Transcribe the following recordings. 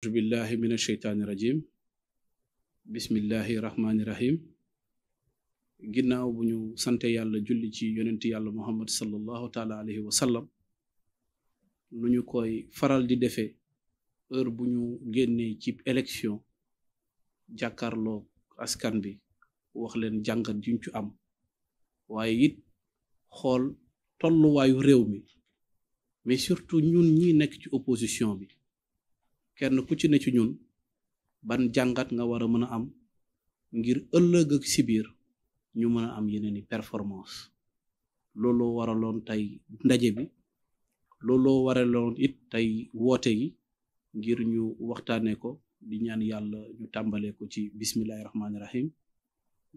auzu billahi min asheytaani rajim bismillahi ginnaaw bu ñu sante yàlla julli ci yonent yàlla muhammad sallallahu taala alayhi wa sallam lu ñu koy faral di defee heure bu ñu génnee ci élection jàkkaarloo askan bi wax leen jàngat juñ ci am waaye it xool tolluwaayu réew mi mais surtout ñun ñi nekk ci opposition bi kenn ku ci ne ci ñun ban jàngat nga war a mën a am ngir ëllëg ak si biir ñu mën a am yeneen i performance looloo waraloon tey ndaje bi looloo waraloon it tey woote yi ngir ñu waxtaanee ko di ñaan yàlla ñu tàmbalee ko ci bismillahi rahmaani rahim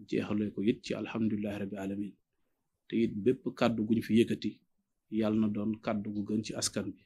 jeexalee ko it ci alhamdulillahi rabbi alamin te it bépp kàddu gu fi yëkkati yàlla na doon kàddu gu gën ci askan bi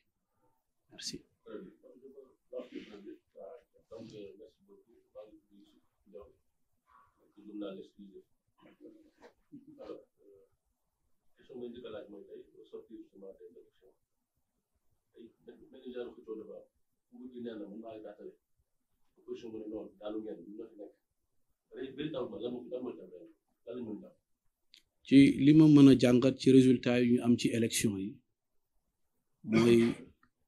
ci li ma mën a jàngat ci résultat yi ñu am ci élection yi mooy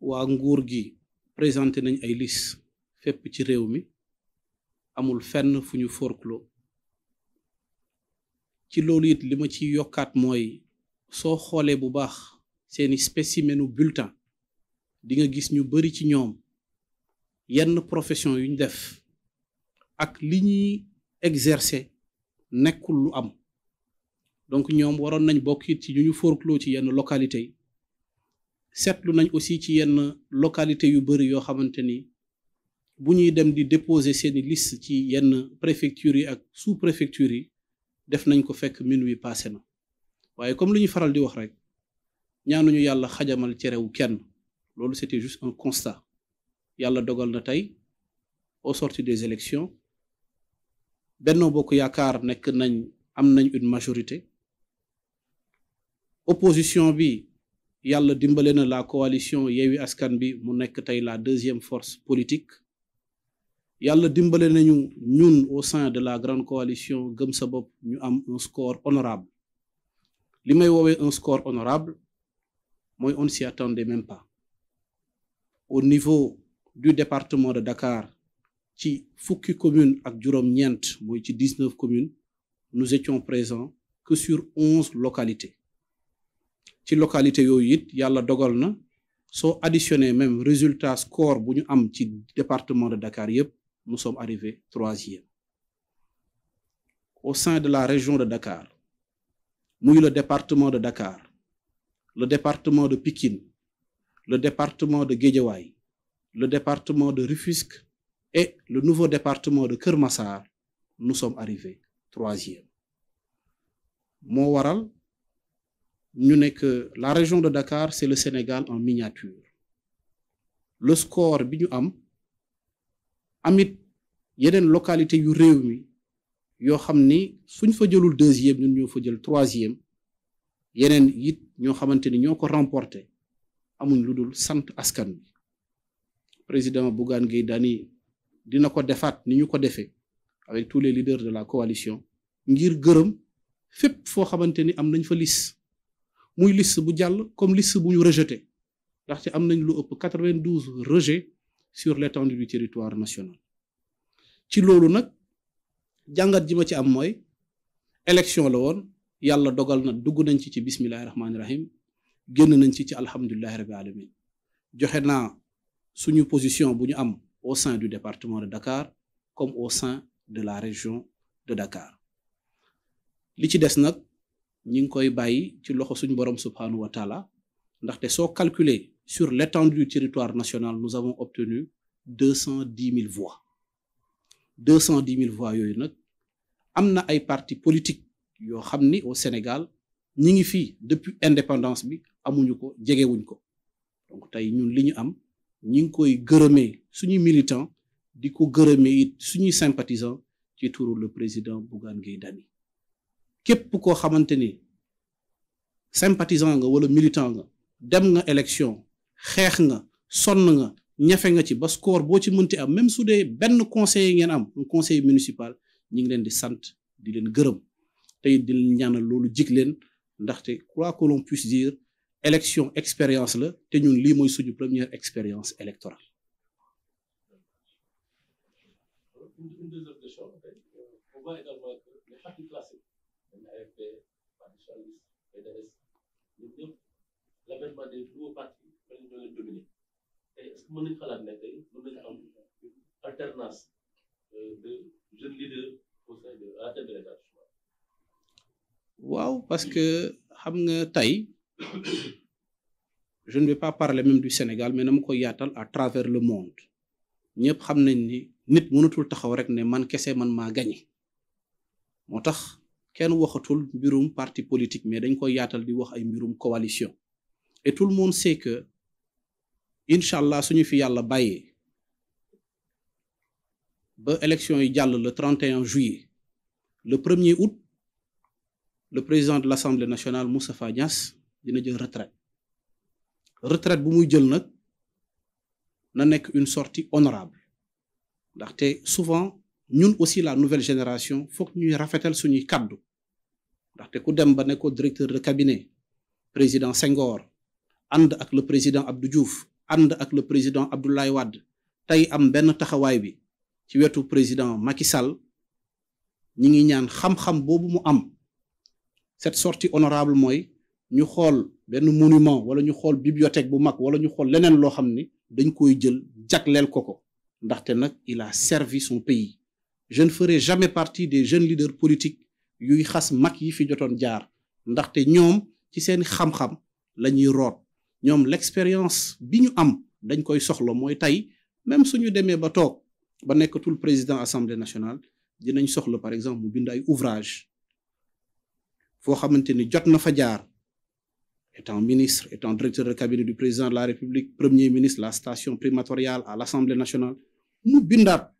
waa nguur gi présenté nañ ay liste fépp ci réew mi amul fenn fu ñu forclos ci loolu it li ma ci yokkaat mooy soo xoolee bu baax seeni spécimenu bulletin dinga gis ñu bari ci ñoom yenn profession yu ñu def ak li ñuy exercer nekkul lu am donc ñoom waroon nañ bokkit it ci ñu ñu ci yenn localité yi seetlu nañ aussi ci yenn localité yu bari yoo xamante ni bu ñuy dem di déposer seeni liste ci yenn préfectures yi ak sous-préfectures yi def nañ ko fekk minuit passé na waaye comme li ñu faral di wax rek ñu yàlla xajamal cerewu kenn loolu c'était juste un constat yàlla dogal na tey au sorti des élections Benno Bokk Yaakaar nekk nañ am nañ une majorité opposition bi yàlla dimbale na la coalition Yewwi Askan bi mu nekk tey la deuxième force politique yàlla dimbale nañu ñun au sein de la grande coalition gëm sa bopp ñu am un score honorable li may woowee un score honorable mooy on ne s'y attendait même pas au niveau du département de Dakar ci fukki commune ak juróom-ñeent mooy ci dix-neuf communes nous étions présents que sur onze localités ci localité yooyu it yàlla dogal na soo additionné même résultat score bu ñu am ci département de Dakar yépp nous sommes arrivés troisième. Au sein de la région de Dakar, muy le département de Dakar, le département de Pikine, le département de Guédiawaye, le département de Rufisque et le nouveau département de Keur Massar, nous sommes arrivés troisième. moo waral ñu ne que la région de Dakar c'est le Sénégal en miniature le score bi am amit yeneen localité yu réew mi yoo xam ni suñ fa jëlul deuxième ñun ñoo fa jël troisième yeneen it ñoo xamante ni ñoo ko remporté amuñ lu dul sant askan bi président Bougane Gueye Dany dina ko defaat ni ñu ko defee avec tous les leaders de la coalition ngir gërëm fépp foo xamante ni am nañ fa lis muy liste bu jàll comme liste bu ñu rejeté ndaxte am nañ lu ëpp rejet sur l'étendue du territoire national ci loolu nag jàngat jima ci am mooy élection la woon yàlla dogal na dugg nañ ci ci bismillahi rahmaani rahim génn nañ ci ci alhamdulillahi rabbi alamin joxe naa suñu position bu ñu am au sein du département de Dakar comme au sein de la région de Dakar li ci des nag ñi ngi koy bàyyi ci loxo suñu borom subhanahu wa ndaxte soo calculer sur l'étendue du territoire nationale nous avons obtenu deux cent dix mille voix deux cent dix mille voix yooyu nag am na ay partis politique yoo xam ni au Sénégal ñi ngi fii depuis indépendance bi amuñu ko jegewuñ ko donc tey ñun li ñu am ñi ngi koy gërëmee suñu militants di ko gërëmee it suñuy sympathisants ci turu le président Bougane Gueye Dany képp koo xamante ni sympathisant nga wala militant nga dem nga élection xeex nga sonn nga ñafe nga ci ba score boo ci mënti am même su dee benn conseiller ngeen am un conseiller municipal ñu ngi leen di sant di leen gërëm tey di leen loolu jig leen ndaxte quoi que l'on puisse dire élection expérience la te ñun lii mooy suñu première expérience électorale. mën euh, waaw parce que xam nga tey je ne vais pas parler même du Sénégal mais na ma ko yaatal à travers le monde ñëpp xam nañ ni nit mënatul taxaw rek ne man kese man maa gañe moo tax kenn waxatul mbirum parti politique mais dañ ko yaatal di wax ay mbirum coalition et tout sait que incha allah suñu fi yàlla bàyyee ba élection yi jàll le 31 juillet le premier er le président de l'Assemblée nationale Moustapha Niass dina jël retraite retraite bu muy jël nag na nekk une sortie honorable ndaxte souvent ñun aussi la nouvelle génération foog ñuy rafetal suñuy kaddu ndaxte ku dem ba nekkoo directeur de cabinet président Senghor ànd ak le président Abdou ànd ak le président Abdoulaye Wade tey am benn taxawaay bi ci wetu président Macky Sall ñi ngi ñaan xam-xam boobu mu am cet sorti honorable mooy ñu xool benn monument wala ñu xool bibliothèque bu mag wala ñu xool leneen loo xam ni dañ koy jël jagleel ko ko ndaxte nag il a servi son pays je ne ferai jamais partie des jeunes leaders politiques yuy xas mag yi fi jotoon jaar ndaxte ñoom ci seen xam-xam la ñuy root ñoom l'expérience bi ñu am dañ koy soxla mooy tey même suñu demee ba toog ba nekkatul président assemblée nationale dinañ soxla par exemple mu bind ay ouvrage foo xamante ni jot na fa jaar étant ministre étant directeur de cabinet du président de la république premier ministre la station primatoriale à l'assemblée nationale mu bindaat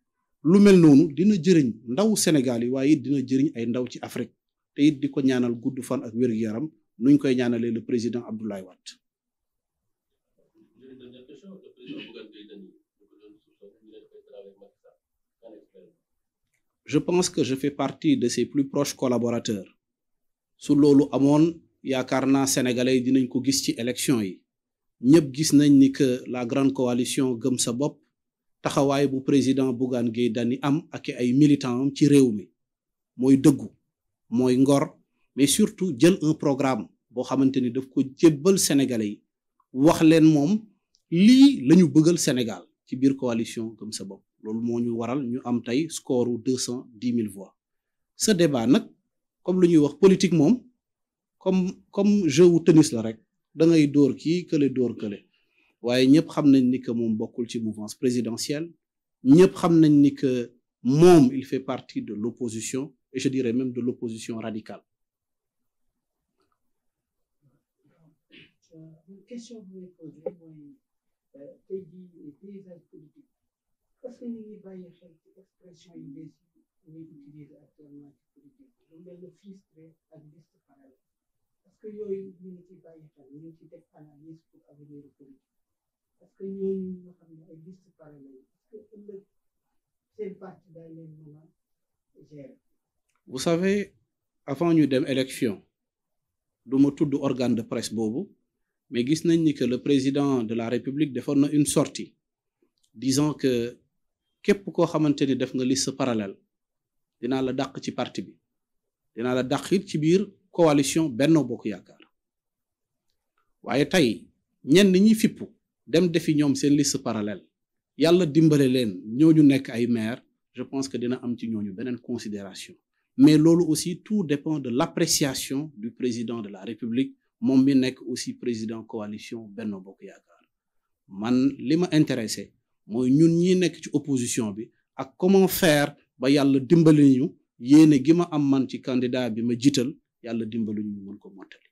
lu mel noonu dina jëriñ ndaw Sénégal yi waaye dina jëriñ ay ndaw ci Afrique te it di ko ñaanal gudd fan ak wér-gu-yaram nuñ koy ñaanalee le président Abdoulaye Wade je pense que je fais partie de ses plus proches collaborateurs su loolu amoon yaakaar naa sénégalais yi dinañ ko gis ci élection yi ñëpp gis nañ ni que la grande coalition gëm sa bopp taxawaay bu président Bougane Gueye Dany am ak ay militants ci réew mi mooy dëggu mooy ngor mais surtout jël un programme boo xamante ni daf ko jébbal sénégalais yi wax leen moom lii la ñu bëggal Sénégal ci biir coalition Gëm sa bopp loolu moo ñu waral ñu am tey score u deux cent dix mille voix ce débat nag comme lu ñuy wax politique moom comme comme jeu wu tennis la rek da dóor kii kële dóor kële waaye ñëpp xam nañ ni que moom bokkul ci mouvance présidentielle ñëpp xam nañ ni que moom il fait partie de l'opposition et je dirais même de l'opposition radicale te jii les paysages parce que ñu ngi bàyyi xel ci expression yu bees yi lu mel ne filtre ak liste parce que yooyu ñu ci bàyyi xel ñu ngi ci def analyse pour avenir politique parce que ñu nga xam ne ay liste parallèle parce que ëllëg seen parti daal vous savez avant ñu dem élection du ma tudd organe de presse boobu. mais gis nañ ni que le président de la république defoon na une sortie disant que képp koo xamante ni def nga liste parallèle dinaa la daq ci partie bi dina la dàq it ci biir coalition Benno Bokk Yaakaar waaye tey ñenn ñi fippu dem defi ñoom seen liste parallèle yàlla dimbale leen ñu nekk ay maire je pense que dina am ci ñooñu beneen considération mais loolu aussi tout dépend de l'appréciation du président de la république moom mi nekk aussi président coalition Benno Bokk Yaakaar man li ma intéressé mooy ñun ñi nekk ci opposition bi ak comment faire ba yàlla dimbali ñu yéene gi ma am man ci candidat bi ma jiital yàlla dimbali ñu mën ko mottali.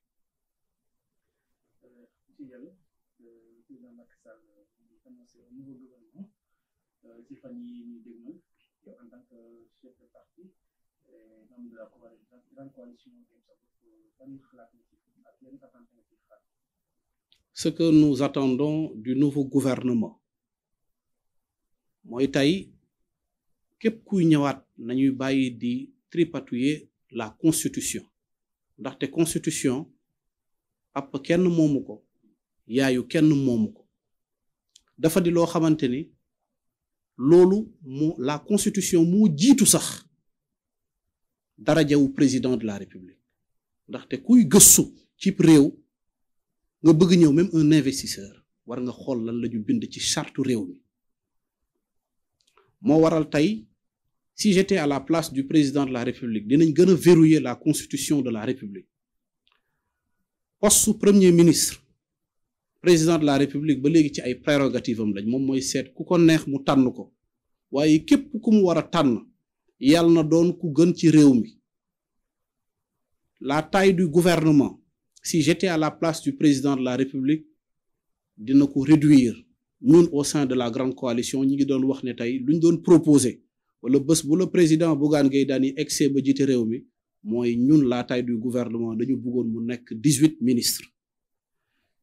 Sa Bopp ban xalaat nga ce que nous attendons du nouveau gouvernement mooy tey képp kuy ñëwaat nañuy bàyyi di tripatouiller la constitution ndaxte constitution ab kenn moomu ko yaayu kenn moomu ko dafa di loo xamante ni loolu moo la constitution mu jiitu sax darajawu président de la république ndaxte kuy gëstu ci réew nga bëgg ñëw même un investisseur war nga xool lan la ñu bind ci charte réew mi moo waral tey si j'étais à la place du président de la république dinañ gën a verrouiller la constitution de la république poste su premier ministre président de la république ba léegi ci ay prérogative am lañ moom mooy seet ku ko neex mu tànn ko waaye képp ku mu war a tànn yàlla na doon ku gën ci réew mi la taille du gouvernement si j'étais à la place du président de la république dina ko réduire ñun au sein de la grande coalition ñi ngi doon wax ne tey lu ñu doon proposer wala bés bu la président Bougane Gueye Dany excès ba jiite réew mi mooy ñun la taille du gouvernement dañu buggoon mu nekk dix-huit ministres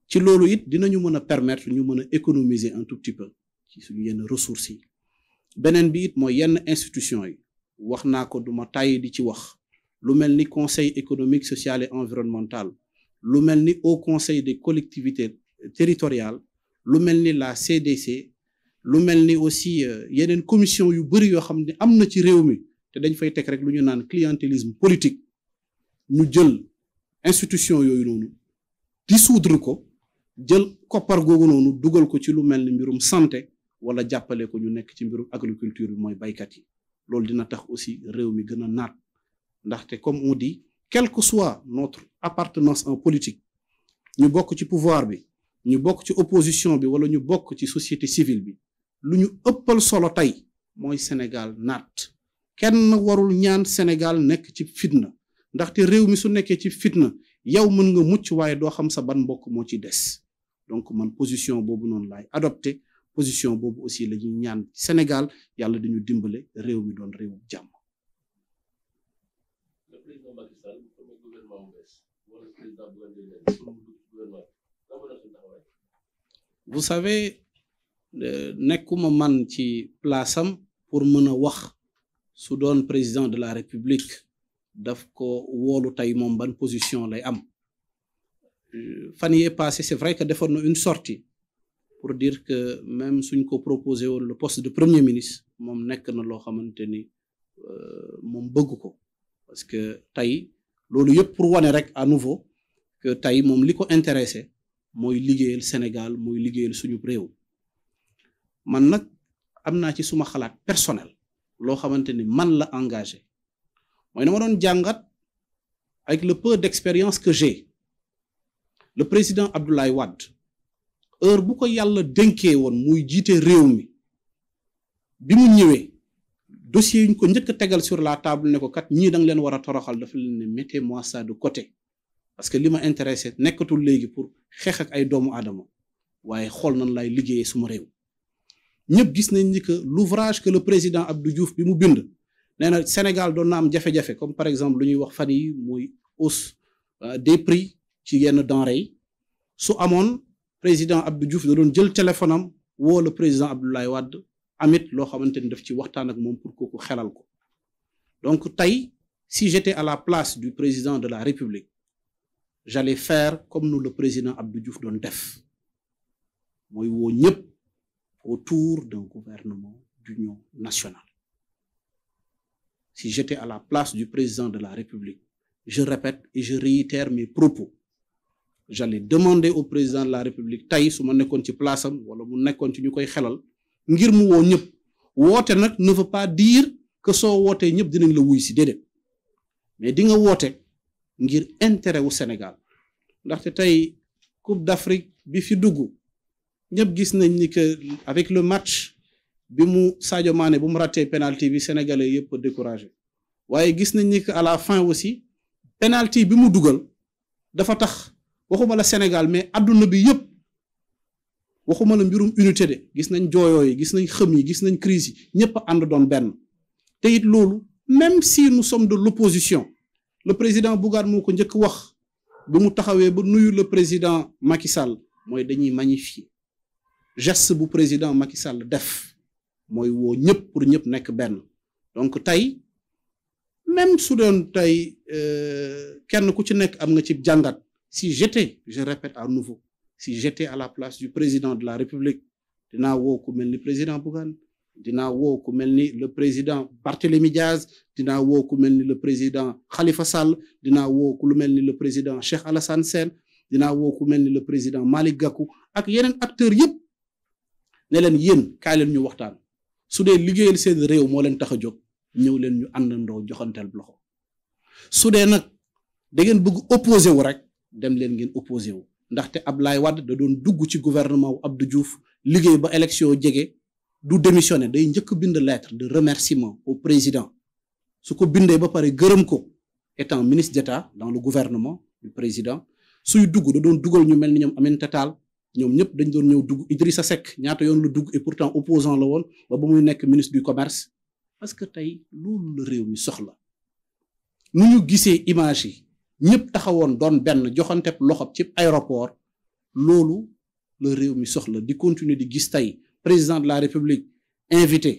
ci loolu it dinañu mën a permettre ñu mën a économiser un tout petit ci suñu yenn ressources yi beneen bi it mooy yenn institution yi wax naa ko duma tàyyi di ci wax lu mel ni conseil économique social et environnemental lu mel ni haut conseil des collectivités territoriales lu mel ni la CDC lu mel ni aussi euh, yeneen commission yu bëri yoo xam ne am na ci réew mi te dañ fay teg rek lu ñu naan clientélisme politique ñu jël institution yooyu noonu dissoudre ko jël koppar googu noonu dugal ko ci lu mel ni mbirum santé wala jàppale ko ñu nekk ci mbirum agriculture bi mooy baykat yi loolu dina tax aussi réew mi gën a naat ndaxte comme on di quelque que soit notre appartenance en politique ñu bokk ci pouvoir bi ñu bokk ci opposition bi wala ñu bokk ci société civile bi lu ñu ëppal solo tey mooy Sénégal naat kenn warul ñaan Sénégal nekk ci fitna ndaxte réew mi su nekkee ci fitna yow mën nga mucc waaye doo xam sa ban mbokk moo ci des donc man position boobu noonu laay adopté position boobu aussi la ñaan Sénégal yàlla dañu dimbale réew mi doon réewu jàmm. vous savez euh, nekkuma man ci place am pour mën a wax su doon président de la république daf ko woolu tey moom ban position lay am euh, fan yee passé c'est vrai que defoon na une sortie pour dire que même suñ ko proposé woon le poste de premier ministre moom nekk na loo xamante ni euh, moom bëgg ko parce que tey loolu yëpp pour wane rek à nouveau que tey moom li ko intéressé mooy liggéeyal Sénégal mooy liggéeyal suñu réew man nag am naa ci suma xalaat personnel loo xamante ni man la engagé mooy na ma doon jàngat avec le peu d'expérience que j'ai le président Abdoulaye Wade heure bu ko yàlla dénkee woon muy jiite réew mi bi mu ñëwee dossier yi ñu ko njëkk tegal sur la table ne ko kat ñii da leen war a toroxal dafa leen ne mettez-moi ça de côté parce que li ma intéressé nekkatul léegi pour xeex ak ay doomu adama waaye xool nan lay liggéeyee suma réew ñëpp gis nañ ni que l'ouvrage que le président Abdou Diouf bi mu bind nee na Sénégal doon na am jafe-jafe comme par exemple lu ñuy wax fan yi muy hausse euh, des prix ci yenn denrées yi président Abdou Diouf da doon jël téléphone am woo la président Abdoulaye Wade amit loo xamante ni daf ci waxtaan ak moom pour kooku xelal ko donc tey si j'étais à la place du président de la République j'allais faire comme nous le président Abdou Diouf doon def mooy woo ñëpp autour d'un gouvernement d'union nationale si j'étais à la place du président de la République je répète et je réitère mes propos j'allais demander au président de la république tey su ma nekkoon ci place am wala mu nekkoon ci ñu koy xelal ngir mu woo ñëpp woote nag ne veut pas dire que soo wootee ñëpp dinañ la wuy si déedéet mais di nga woote ngir intérêt wu Sénégal ndaxte tey Coupe d'Afrique bi fi dugg ñëpp gis nañ ni que avec le match bi mu Sadio Mané bu mu raté penalty bi sénégalais yëpp découragé waaye gis nañ ni à la fin aussi penalty bi mu dugal dafa tax. waxuma la Sénégal mais adduna bi yëpp waxuma la mbirum unité de gis nañ jooyoo yi gis nañ xëm yi gis nañ crise ñëpp ànd doon benn te it loolu même si nous sommes de l'opposition le président Bougane moo ko njëkk wax bi mu taxawee ba nuyu le président Macky Sall mooy dañuy magnifier gest bu président Macky Sall def mooy woo ñëpp pour ñëpp nekk benn donc tey même su doon tey euh, kenn ku ci nekk am nga ci jàngat si j'étais je répète à nouveau si j'étais à la place du président de la République dinaa woo ku mel ni président Bougane dinaa woo ku mel ni le président Barthélémy Diaz dinaa woo ku mel ni le président Khalifa Sall dinaa woo ku mel ni le président Cheikh Alassane Sène dinaa woo ku mel ni le président Malick gaku ak yeneen acteur yëpp ne leen yéen kaay ñu waxtaan su dee liggéeyal seen réew moo leen tax a jóg ñëw leen ñu àndandoo joxanteel loxo su dee nag da opposé wu rek. dem leen ngeen opposé wu ndaxte Ablaye wadd da doon dugg ci gouvernement wu du juuf liggéey ba élection jege du démissionné day njëkk bind lettre de remerciement au président su ko bindee ba pare gërëm ko étant ministre d'État dans le gouvernement du président suy dugg da doon dugal ñu mel ni ñoom Aminata taal ñoom ñëpp dañ doon ñëw dugg sa Seck ñaata yoon la dugg et pourtant opposant la woon ba ba mu nekk ministre du commerce parce que tey loolu réew mi soxla nu gisee image yi ñëpp taxawoon doon benn joxante loxob ci aéroport loolu la réew mi soxla di continuer di gis tey président de la république invité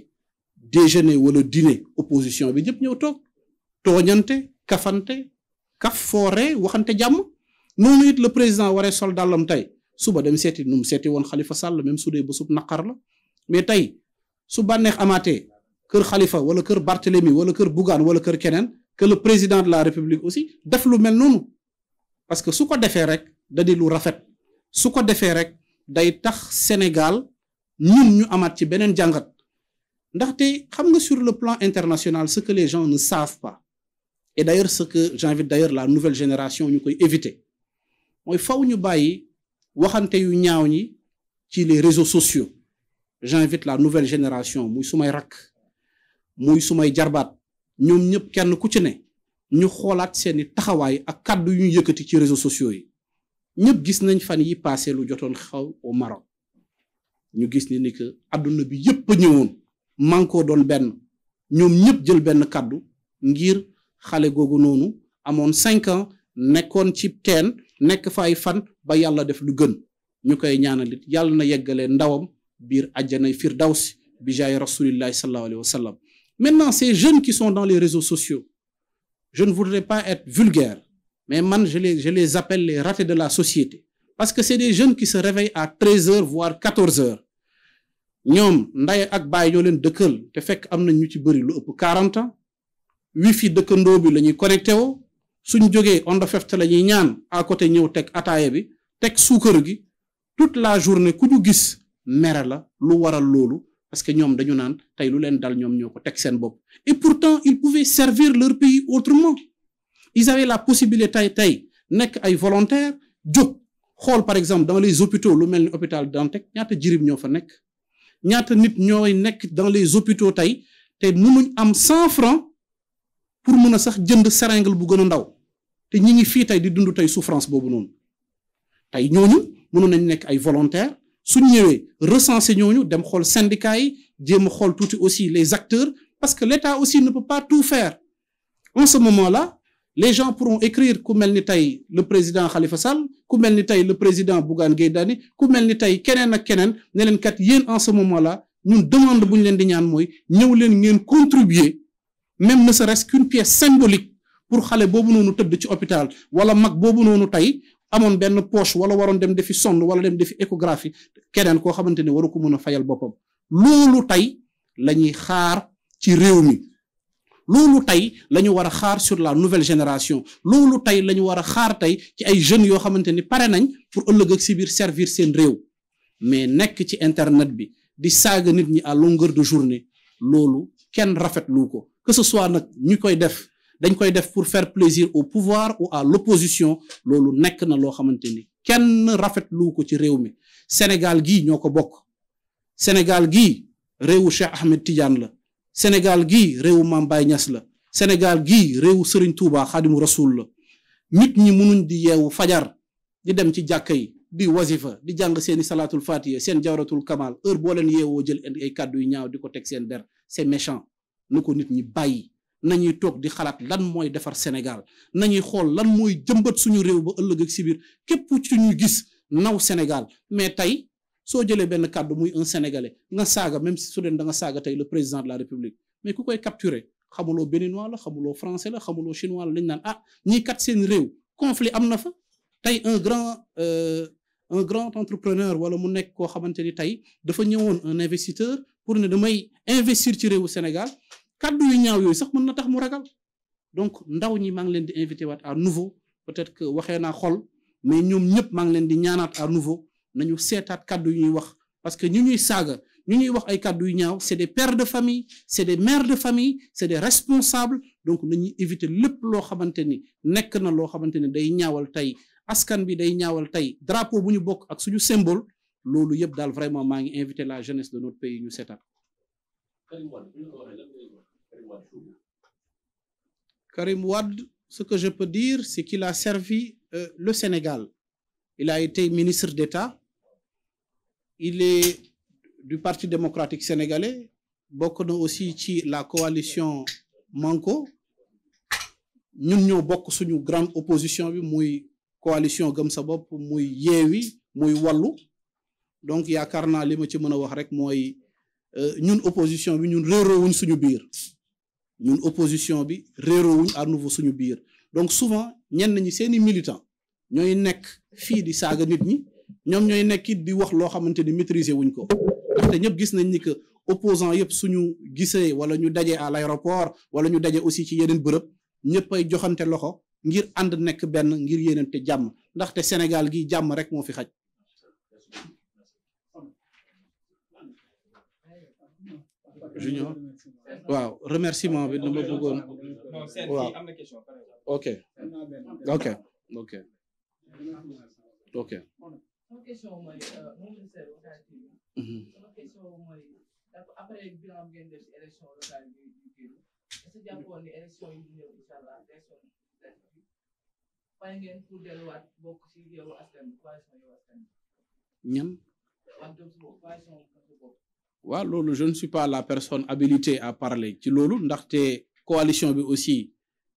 déjeuner wala dîner opposition bi ñëpp ñëw toog tooñante kafante kaf foore waxante jàmm noonu it la président waree sol dàllam tey suba dem seeti nu mu seeti woon xalifa Sall même su ba sub naqar la mais tey su bànneex amaatee kër xalifa wala kër Barthélemy wala kër Bougane wala kër keneen que le président de la république aussi def lu mel noonu parce que su ko defee rek da lu rafet su ko defee rek day tax Sénégal ñun ñu amaat ci beneen jàngat ndaxte xam nga sur le plan international ce que les gens ne savent pas et d'ailleurs ce que j'invite d'ailleurs la nouvelle génération ñu koy éviter mooy faw ñu bàyyi waxante yu ñaaw ñi ci les réseaux sociaux j'invite la nouvelle génération muy sumay rakk muy sumay jarbaat ñoom ñëpp kenn ku ci ne ñu xoolaat seeni taxawaay ak kàddu yu ñu yëkkati ci réseau sociaux yi ñëpp gis nañ fan yi passé lu jotoon xaw au Maroc ñu gis ni ni que àdduna bi yëpp a ñëwoon mànkoo doon benn ñoom ñëpp jël benn kàddu ngir xale googu noonu amoon cinq nekkoon ci teen nekk fa fan ba yàlla def lu gën ñu koy ñaanalit yàlla na yeggale ndawam biir àjjanay firdawsi bi jaay rasulillahi sallallahu alayhi wa sallam Maintenant, ces jeunes qui sont dans les réseaux sociaux, je ne voudrais pas être vulgaire, mais man, je les, je les appelle les ratés de la société. Parce que c'est des jeunes qui se réveillent à 13 heures, voire 14 heures. ñoom ndaye ak baay ñoo leen dëkkal te fekk am na ñu ci bëri lu ëpp 40 ans fi dëkkandoo bi la ñuy connecté woo suñ jógee Onda Fefte la ñuy ñaan à côté ñëw teg ataaya bi teg suukar gi toute la journée ku ñu gis mere la lu waral loolu parce que ñoom dañu naan tey lu leen dal ñoom ñoo ko teg seen bopp et pourtant ils pouvaient servir leur pays autrement ils avaient la possibilité tey tey nekk ay volontaires jóg xool par exemple dans les hôpitaux lu mel ni hôpital Dantec ñaata jirib ñoo fa nekk ñaata nit ñooy nekk dans les hôpitaux tey te mënuñ am cent francs pour mën a sax jënd seringue bu gën a ndaw te ñi ngi fii tey di dund tey souffrance boobu noonu tey ñooñu mënoon nañ nekk ay volontaires su ñëwee recenser ñooñu dem xool syndicats yi jéem a xool tuuti aussi les acteurs parce que l'État aussi ne peut pas tout faire en ce moment les gens pourront écrire ku mel ni tey le président Khalifa Sall ku mel ni tey le président Bougane Gueye Dany ku mel ni tey keneen ak keneen ne leen kat yéen en ce moment-là ñun demande bu ñu leen di ñaan mooy ñëw leen ngeen contribuer même ne serait-ce qu'une pièce symbolique pour xale boobu noonu tëdd ci hôpital wala mag boobu noonu tey amoon benn poche wala waroon dem defi sonde wala dem defi échographie keneen koo xamante ne waru ko mën a fayal boppam loolu tey la ñuy xaar ci réew mi loolu tey lañu ñu war a xaar sur la nouvelle génération loolu tey la ñu war a xaar tey ci ay jeunes yoo xamante ni pare nañ pour ëllëg ak si biir servir seen réew mais nekk ci internet bi di saaga nit ñi à longueur de journée loolu kenn rafetlu ko que ce soit nag ñi koy def. dañ koy def pour faire plaisir au pouvoir ou à l'opposition loolu nekk na loo xamante ni kenn rafet lu ko ci réew mi Sénégal gii ñoo ko bokk senegal gii réewu Cheikh Ahmed Tidiane la Sénégal gi réewu Mame Baye la senegal gii réewu sëriñ Touba Xaadimu Rasul la nit ñi mënuñ di yeewu fajar di dem ci jàkka yi di wazifa di jàng seeni salaatul fatiha seen jawratul kamal heure boo leen yeewoo jël ay kàddu yu ñaaw di ko teg seen der c'est méchant nu ko nit ñi bàyyi nañuy toog di xalaat lan mooy defar Sénégal nañuy xool lan mooy jëmbat suñu réew ba ëllëg ak si biir képp ci ñu gis naw Sénégal mais tey soo jëlee benn kàddu muy un sénégalais nga saaga même si su dee da nga saaga tey le président de la république mais ku koy capturer xamuloo béninois la xamuloo français la xamuloo chinois la lañ naan ah ñii kat seen réew conflit am na fa tey un grand euh, un grand entrepreneur wala mu nekk koo xamante ni tey dafa ñëwoon un investiteur pour ne damay investir ci réewu Sénégal kaddu yu ñaaw yooyu sax mën na tax mu ragal donc ndaw ñi maa ngi leen di invité waat à nouveau peut-être que waxee naa xol mais ñoom ñëpp maa ngi leen di ñaanaat à nouveau ñu seetaat kàddu yu ñuy wax parce que ñu ñuy saaga ñu ñuy wax ay kàddu yu ñaaw c'est des pères de famille c'est des mères de famille c'est des responsables donc ñu éviter lépp loo xamante ni nekk na loo xamante ni day ñaawal tey askan bi day ñaawal tey drapeau bu ñu bokk ak suñu symbole loolu yëpp daal vraiment maa ngi invité la jeunesse de notre pays ñu seetaat Karim Wade, ce que je peux dire, c'est qu'il a servi euh, le Sénégal. Il a été ministre d'État. Il est du Parti démocratique sénégalais. bokk na aussi ci la coalition Manko ñun ñoo bokk suñu grande opposition bi muy coalition gam sa bopp muy yeewi muy wallu donc yaakaar naa li ma ci mën a wax rek mooy euh, ñun opposition bi ñun réeróowuñ suñu biir ñun opposition bi réeroo wuñ à nouveau suñu biir donc souvent ñenn ñi seeni militant ñooy nekk fii di saaga nit ñi ñoom ñooy nekkit it di wax loo xamante ni maîtriser wuñ ko ndaxte ñëpp gis nañ ni que opposant yëpp suñu gisee wala ñu dajee à l'aéroport wala ñu daje aussi ci yeneen bërëb ñëpp ay joxante loxo ngir ànd nekk benn ngir yeneen te jàmm ndaxte Sénégal gi jàmm rek moo fi xaj Junior waaw remerciement bi dama bëggoon waaw ok ok ok ok. Euh, mhm. ñan. waaw loolu jeune ne suis pas la personne habilitée à parler ci loolu ndaxte coalition bi aussi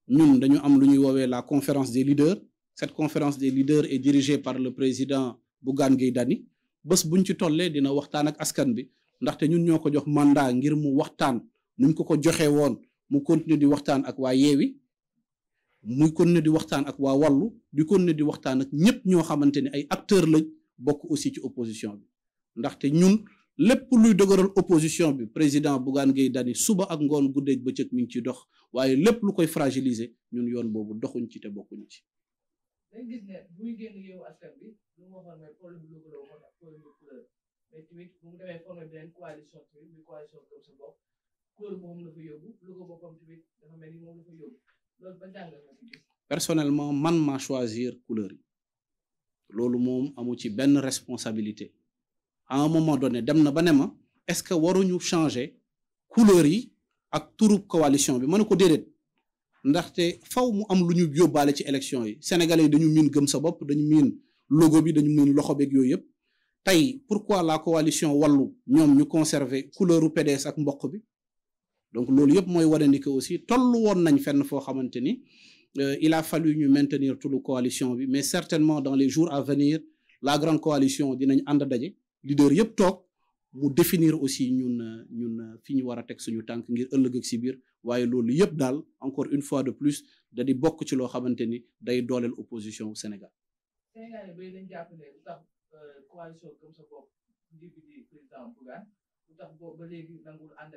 ñun dañu am lu ñuy woowee la conférence des leaders cette conférence des leaders est dirigée par le président Bougane Gueye Dany bés buñ ci tollee dina waxtaan ak askan bi ndaxte ñun ñoo ko jox mandat ngir mu waxtaan nuñ ko ko joxee woon mu continuer di waxtaan ak waa yeewi muy continuer di waxtaan ak waa wàllu di continuer di waxtaan ak ñëpp ñoo xamante ne ay acteurs lañ bokk aussi ci opposition bi lépp luy dëgëral opposition bi président Bougane Gueye Dany suba ak ngoon guddeeg bëccëg mi ngi ciy dox waaye lépp lu koy fragiliser ñun yoon boobu doxuñ ci te bokkuñ ci. dañ yow askan moom la fa yóbbu man maa choisir couleur yi loolu moom amu ci benn responsabilité. à un moment donné dem na ba ne ma est-ce que waruñu changer couleur yi ak turu coalition bi ma ko déedéet ndaxte faw mu am lu ñu yóbbaale ci élection yi sénégalais yi dañu miin gëm sa bopp dañu miin logo bi dañu miin loxo beek yooyu yëpp tey pourquoi la coalition wallu ñoom ñu conserver couleuru PDS ak mboq bi donc loolu yëpp mooy wara ni que aussi tollu woon nañ fenn foo xamante ni euh, il a fallu ñu maintenir tulu coalition bi mais certainement dans les jours à venir la grande coalition dinañ ànd daje leader yëpp toog mu définir aussi ñun ñun fi ñu war a teg suñu tànk ngir ëllëg ak si biir waaye loolu yëpp daal encore une fois de plus da di bokk ci loo xamante ni day dooleel opposition wu Sénégal. Sénégal yi dañ jàpp ne lu tax euh, coalition ko Sonko Ousmane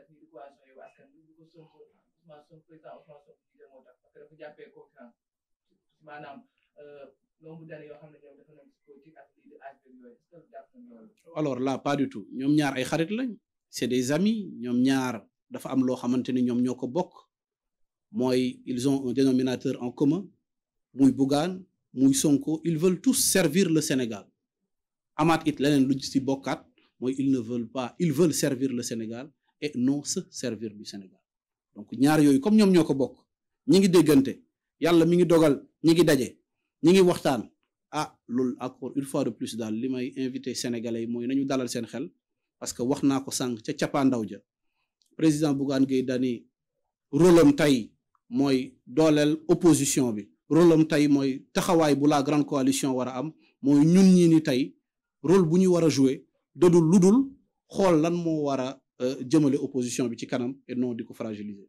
Sonko président Euh, nombre d'années yoo alors la pas du tout ñoom ñaar ay xarit lañ c'est des amis ñoom ñaar dafa am loo xamante ni ñoom ñoo ko bokk mooy ils ont un dénominateur en commun muy Bougane muy Sonko ils veulent tous servir le Sénégal amaat it leneen lu si bokkaat mooy ils ne veulent pas ils veulent servir le Sénégal et non se servir du Sénégal donc ñaar yooyu comme ñoom ñoo ko bokk ñi ngi déggante yàlla mi ngi dogal ñi ngi daje. ñi ngi waxtaan ah loolu encore une fois de plus daal li may invité sénégalais yi mooy nañu dalal seen xel parce que wax naa ko sànq ca cappaandaw ja président Bougane Gueye Dany rôlam tey mooy dooleel opposition bi rôlam tey mooy taxawaay bu la grande coalition war a am mooy ñun ñi ni tey rôle bu ñu war a jouer dodul ludul xool lan moo war a euh, jëmale opposition bi ci kanam et non di ko fragiliser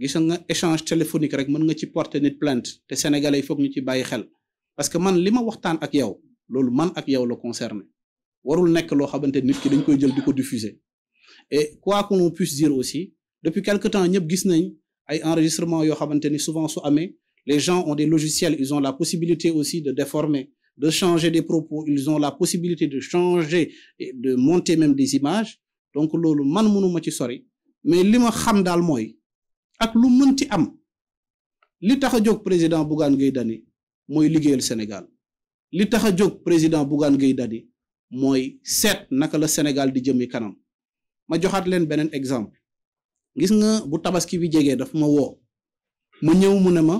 gis nga échange téléphonique rek mën nga ci porter nit plainte te sénégalais yi foog ñu ci bàyyi xel parce que man li ma waxtaan ak yow loolu man ak yow la concerné warul nekk loo xamante nit ki dañ koy jël di ko diffuser et quoi que l'on puisse dire aussi depuis quelque temps ñëpp gis nañ ay enregistrement yoo xamante ni souvent su amee les gens ont des logiciels ils ont la possibilité aussi de déformer de changer des propos ils ont la possibilité de changer de monter même des images donc loolu man mënuma ci sori mais li ma xam daal mooy ak lu mënti am li tax a jóg président Bougane Gueye Dany mooy liggéeyal Sénégal li tax a jóg président Bougane Gueye Dany mooy seet naka la Sénégal di jëmi kanam ma joxaat leen beneen exemple gis nga bu tabaski bi jegee daf ma woo ma ñëw mu ne ma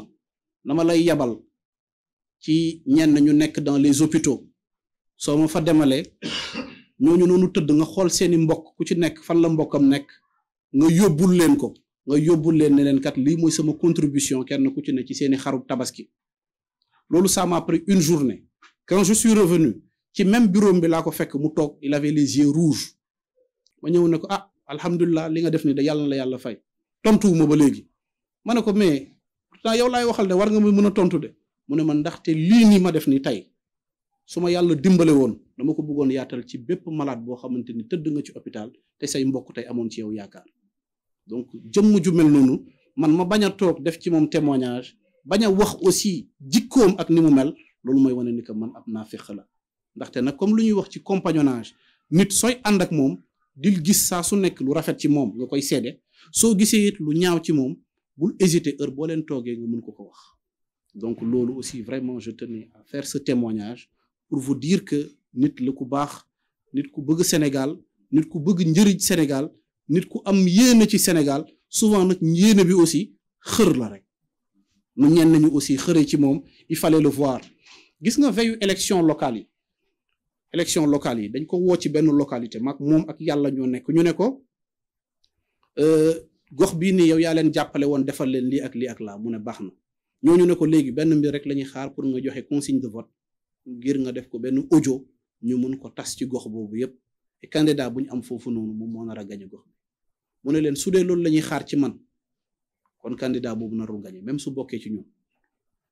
dama lay yabal ci ñenn ñu nekk dans les hôpitaux soo ma fa demalee ñu noonu tëdd nga xool seeni mbokk ku ci nekk fan la mbokkam nekk nga yóbbul leen ko nga yóbbul leen ne leen kat lii mooy sama contribution kenn ku ci ne ci seeni xaru tabaski loolu ça m'a pris une journée quand je revenu ci même bureau bi laa ko fekk mu toog il avait les yeux rouges ma ñëw ne ko ah alhamdulilah li nga def ni da yàlla na la yàlla fay tontuwuma ba léegi ma ne ko mais pourtant yow laay waxal ne war nga ma mën a tontu de mu ne ma ndaxte lii nii ma def ni tey su ma yàlla dimbale woon dama ko bëggoon yaatal ci bépp malaat boo xamante ni tëdd nga ci hôpital te say mbokk tey amoon ci yow yaakaar donc jëmm ju mel noonu man ma bañ a toog def ci moom témoignage bañ a wax aussi jikkoom ak ni mu mel loolu mooy wane ni que man ab naafeq la ndaxte nag comme lu ñuy wax ci compagnonnage nit sooy ànd ak moom dil gis saa su nekk lu rafet ci moom nga koy seede soo gisee it lu ñaaw ci moom bul hésiter heure boo leen toogee nga mun ko ko wax donc loolu aussi vraiment je tenais à faire ce témoignage pour vous dire que nit la ku baax nit ku bëgg Sénégal nit ku bëgg njëriñ Sénégal nit ku am yéene ci Sénégal souvent nag yéene bi aussi xër la rek nu ñenn nañu aussi xëree ci moom il fallait le voir gis nga veyu élection locale yi élection locale yi dañ ko woo ci benn localité mag moom ak yàlla ñoo nekk ñu ne ko euh, gox bii ni yow yaa leen jàppale woon defal leen lii ak li ak laa mu ne baax na ñooñu ne ko léegi benn mbir rek la ñuy xaar pour nga joxe consigne de vote ngir nga def ko benn audio ñu mun ko tas ci gox boobu yépp te candidat bu ñu am foofu noonu moom moo nar a gañe gox mu ne leen su dee loolu la ñuy xaar ci man kon candidat boobu narul gagné même su bokkee ci ñoom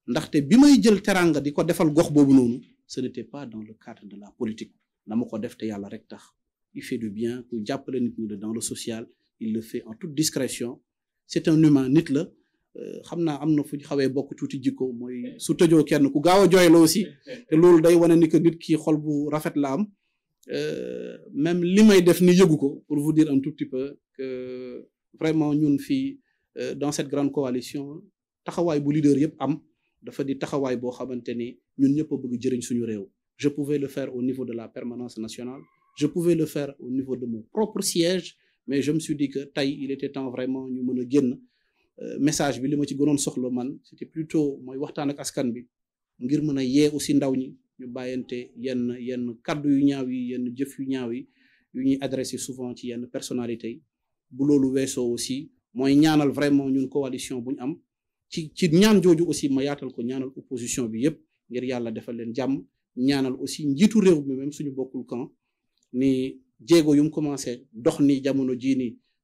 ndaxte bi may jël teranga di ko defal gox boobu noonu ce n'était pas dans le cadre de la politique dama ko def te yàlla rek tax il fait du bien pour jàppale nit ñi dans le social le fait en toute discrétion c'est un humain nit la euh, xam naa am na fu ñu xawee bokk tuuti jikko mooy su tëjoo kenn ku gaaw a jooy la aussi te loolu day wane ni que nit ki xol bu rafet la am Euh, même li may def ni yëgu ko pour vous dire un tout petit peu que vraiment ñun fii euh, dans cette grande coalition taxawaay bu leader yëpp am dafa di taxawaay boo xamante ni ñun ñëpp a bëgg jëriñ suñu réew je pouvais le faire au niveau de la permanence nationale je pouvais le faire au niveau de mon propre siège mais je me suis dit que tey il était temps vraiment ñu mën a génn euh, message bi li ma ci gënoon soxla man ci plutôt mooy waxtaan ak askan bi ngir mën a yee aussi ndaw ñi ñu bàyyante yenn yenn kaddu yu ñaaw yi yenn jëf yu ñaaw yi yu ñuy adressé souvent ci yenn personnalité yi bu loolu weesoo aussi mooy ñaanal vraiment ñun coalition bu ñu am ci ci ñaan jooju aussi ma yaatal ko ñaanal opposition bi yëpp ngir yàlla defal leen jàmm ñaanal aussi njiitu réew mi même suñu bokkul camp ni jéego yu mu commencé dox ni jamono jii nii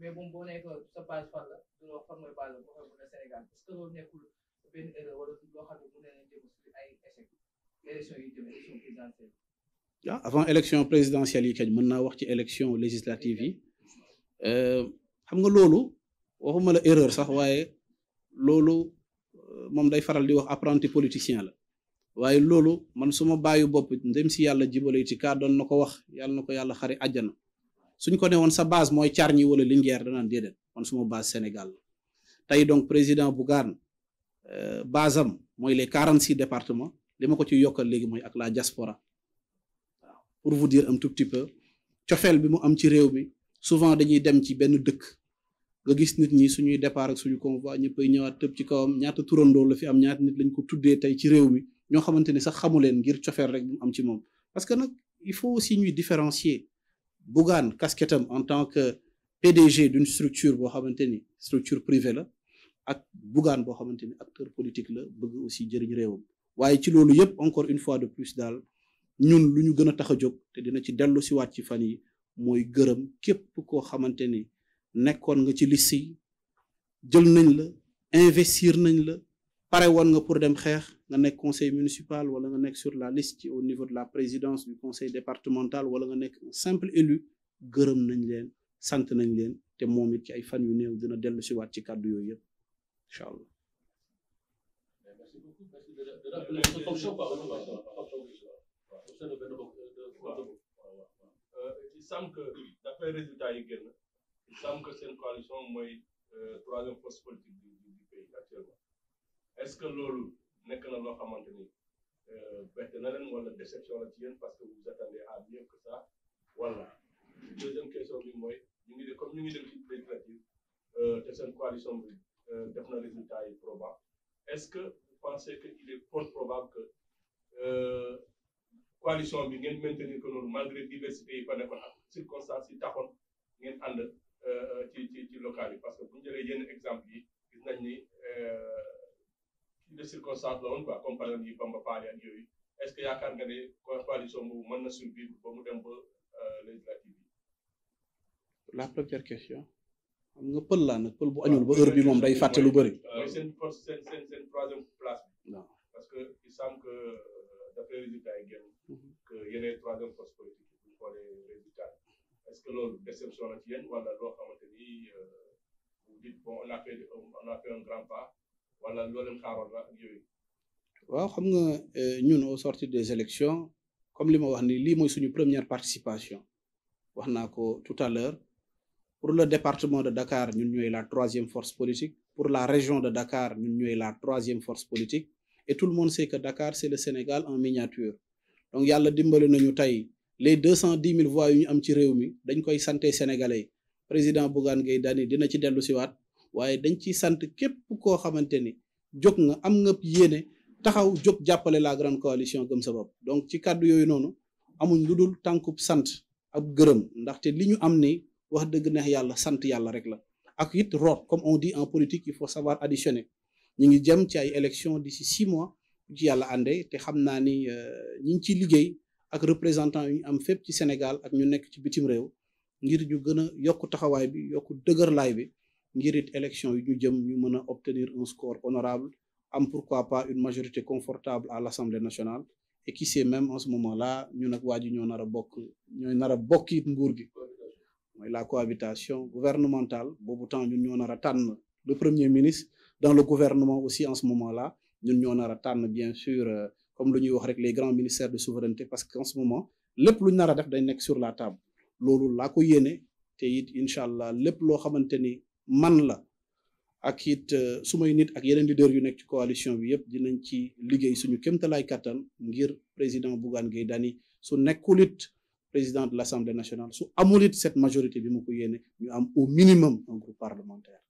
mais moom boo nekk sa base ay échec élection ah, avant élection présidentielle yi kañ mën naa wax ci élection législative yi euh, xam nga loolu waxuma la erreur sax waaye loolu euh, moom day faral di wax apprenti politicien la. waaye loolu man suma bàyyi bopp ndem si yàlla jibalay ci kaa doon na ko wax yàlla na ko yàlla xari àjjana suñ ko ne woon sa base mooy Thiargny wala Linguère danaan déedéet man suma base senegal la tey donc président Bougane euh, base basam mooy les quarante six départements li ma ko ci yokkal léegi mooy ak la diaspora waaw pour vous dire am tout petit peu cofeel bi mu am ci réew mi souvent dañuy dem ci benn dëkk ga gis nit ñi suñuy départ ak suñu convoi ñëppay ñëwaat tëb ci kawam ñaata turandoo la fi am ñaata nit lañ ko tuddee tey ci réew mi ñoo xamante ni sax xamu leen ngir cofeel rek mu am ci moom parce que nag il faut aussi ñuy différencier Bougane casquette am en tant que PDG d'une structure boo xamante ni structure privée la ak Bougane boo xamante ni acteur politique la bëgg aussi jëriñ réewam waaye ci loolu yëpp encore une fois de plus daal ñun lu ñu gën a tax a jóg te dina ci dellu si waat ci fan yi mooy gërëm képp koo xamante ni nekkoon nga ci liste yi jël nañ la investir nañ la pare woon nga pour dem xeex nga nekk conseil municipal wala nga nekk sur la liste au niveau de la présidence du conseil départemental wala nga nekk simple élu gërëm nañ leen sant nañ leen te moom it ci ay fan yu néew dina dellu si waat ci kàddu yooyu yëpp incha allah. est-ce que loolu nekk na loo xamante ni euh, bett na leen wala déception la parce que vous attendez à mieux que ça wala deuxième question bi mooy ñu ngi comme ñu ngi dem ci législative euh, te seen coalition bi euh, def na résultat yi probable est-ce que vous pensez que il est fort probable que coalition bi ngeen maintenir ko noonu malgré diversité yi fa nekkoon ak circonstances yi taxoon ngeen ànd ci ci ci local yi parce que bu ñu jëlee yenn exemple yi gis nañ de circonstance la woon mu dem ba euh, législative la première question. xam nga pël laa nag pël bu añul ba heure moom day fàtte lu bëri. mooy euh, seen seen seen seen place parce que il semble que euh, d'après résultat yi génn. Mhm. que politique bu ñu résultat est-ce que loolu déception la ci wala loo xamante ni vous dites bon on on a fait un grand pas. wala loo waaw xam nga eh, ñun au sortir des élections comme li ma wax ni lii mooy suñu première participation wax naa ko tout à l'heure pour le département de Dakar ñun ñooy la troisième force politique pour la région de Dakar ñun ñooy la troisième force politique et tout le monde sait que Dakar c'est le Sénégal en miniature donc yàlla dimbali nañu tey les deux cent dix mille voix yu ñu am ci réew mi dañ koy santé sénégalais président Bougane Gueye Dany dina ci dellu siwaat waaye dañ ciy sant képp koo xamante ni jóg nga am nga yéene taxaw jog jàppale la grande coalition gëm sa bopp donc ci kàddu yooyu noonu amuñ lu dul tànkub sant ab gërëm ndaxte li ñu am ni wax dëgg na yàlla sant yàlla rek la ak it root comme on dit en politique il faut savoir additionner ñu ngi jëm ci ay élection d'ici six mois ci yàlla ànde te xam naa ni euh, ñi ngi ciy liggéey ak représentant yu ñu am fépp ci Sénégal ak ñu nekk ci bitim réew ngir ñu gën a yokk taxawaay bi yokk dëgërlaay bi ngir it élection yi ñu jëm ñu mën a obtenir un score honorable am pourquoi pas une majorité confortable à l'Assemblée nationale et qui sait même en ce moment là ñu nag waa ji ñoo nar a bokk ñooy nar a bokk it cohabitation gouvernementale boobu temps ñun ñoo nar a le premier ministre dans le gouvernement aussi en ce moment là ñun ñoo nar a tànn bien sûr euh, comme lu ñuy wax rek de souveraineté parce que en ce moment lépp lu ñu def day nekk sur la table te it man la ak it euh, sumay nit ak yeneen leader yu nekk ci coalition bi yëpp dinañ ci liggéey suñu kéemtalaay kattan ngir président Bougane Gueye Dany su nekkul it président de l'Assemblée nationale su amul it cette majorité bi mu ko yéene ñu am au minimum un groupe parlementaire